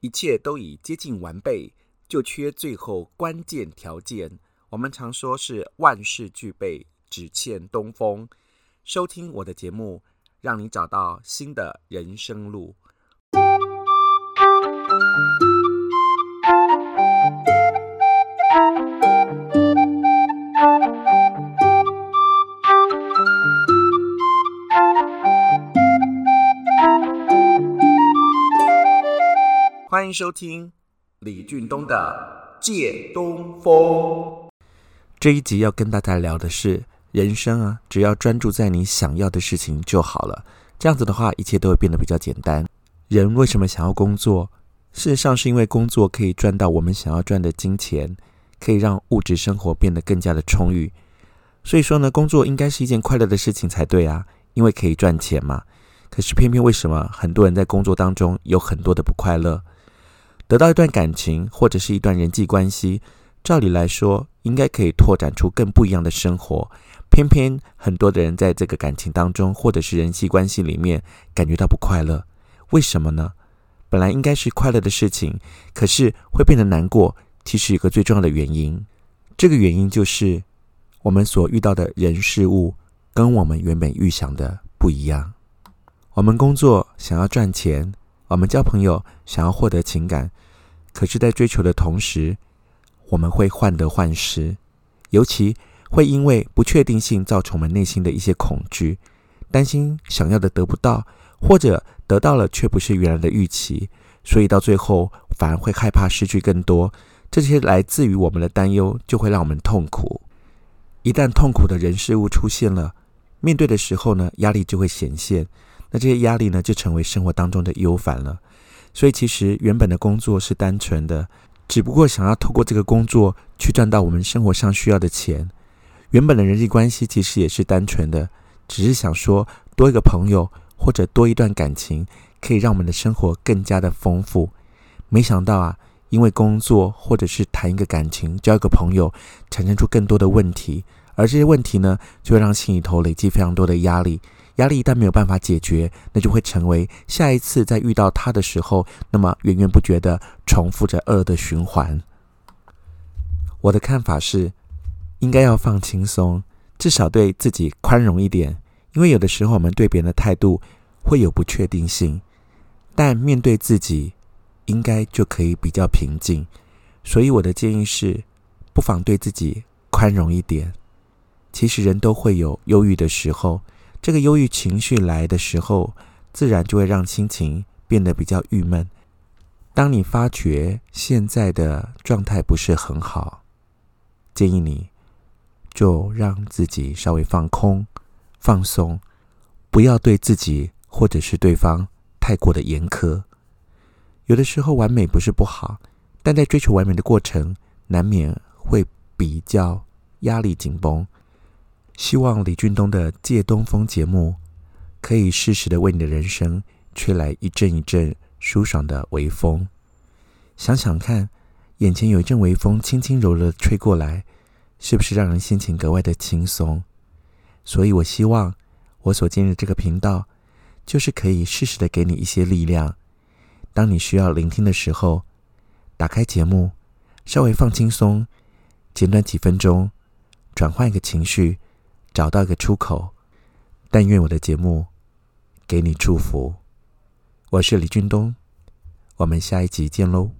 一切都已接近完備，就缺最後關鍵條件。我們常說“是萬事俱備，只欠東風”。收聽我的節目，讓你找到新的人生路。嗯歡迎收聽李俊東的《借東風》。這一集要跟大家聊的是人生啊，只要專注在你想要的事情就好了。這樣子的話，一切都會變得比較簡單。人為什麼想要工作？事實上，是因為工作可以賺到我們想要賺的金錢，可以讓物質生活變得更加的充裕。所以說呢，工作應該是一件快樂的事情才對啊，因為可以賺錢嘛。可是偏偏為什麼很多人在工作當中有很多的不快樂？得到一段感情或者是一段人際關係，照理來說應該可以拓展出更不一樣的生活，偏偏很多的人在這個感情當中或者是人際關係裡面感覺到不快樂，為什麼呢？本來應該是快樂的事情，可是會變得難過。其實有一個最重要的原因，這個原因就是我們所遇到的人事物跟我們原本預想的不一樣。我們工作想要賺錢。.我們交朋友，想要獲得情感，可是，在追求的同時，我們會患得患失，尤其會因為不確定性造成我們內心的一些恐懼，擔心想要的得不到，或者得到了卻不是原來的預期，所以到最後反而會害怕失去更多。這些來自於我們的擔憂，就會讓我們痛苦。一旦痛苦的人事物出現了，面對的時候呢，壓力就會顯現。那這些壓力呢，就成為生活當中的憂煩了。所以，其實原本的工作是單純的，只不過想要透過這個工作去賺到我們生活上需要的錢。原本的人際關係其實也是單純的，只是想說多一個朋友或者多一段感情，可以讓我們的生活更加的豐富。沒想到啊，因為工作或者是談一個感情、交一個朋友，產生出更多的問題，而這些問題呢，就會讓心裡頭累積非常多的壓力。壓力一旦沒有辦法解決，那就會成為下一次再遇到它的時候，那麼源源不絕的重複着惡的循環。我的看法是，應該要放輕鬆，至少對自己寬容一點，因為有的時候我們對別人的態度會有不確定性，但面對自己，應該就可以比較平靜。所以我的建議是，不妨對自己寬容一點。其實人都會有憂鬱的時候。這個憂鬱情緒來的時候，自然就會讓心情變得比較鬱悶。當你發覺現在的狀態不是很好，建議你就讓自己稍微放空、放鬆，不要對自己或者是對方太過的嚴苛。有的時候完美不是不好，但在追求完美的過程，難免會比較壓力緊繃。希望李俊東的《借東風》節目可以適時的為你的人生吹來一陣一陣舒爽的微風。想想看，眼前有一陣微風輕輕柔柔的吹過來，是不是讓人心情格外的輕鬆？所以，我希望我所建立的這個頻道，就是可以適時的給你一些力量。當你需要聆聽的時候，打開節目，稍微放輕鬆，簡短幾分鐘，轉換一個情緒。找到一個出口，但願我的節目給你祝福。我是李俊東，我們下一集見嘍。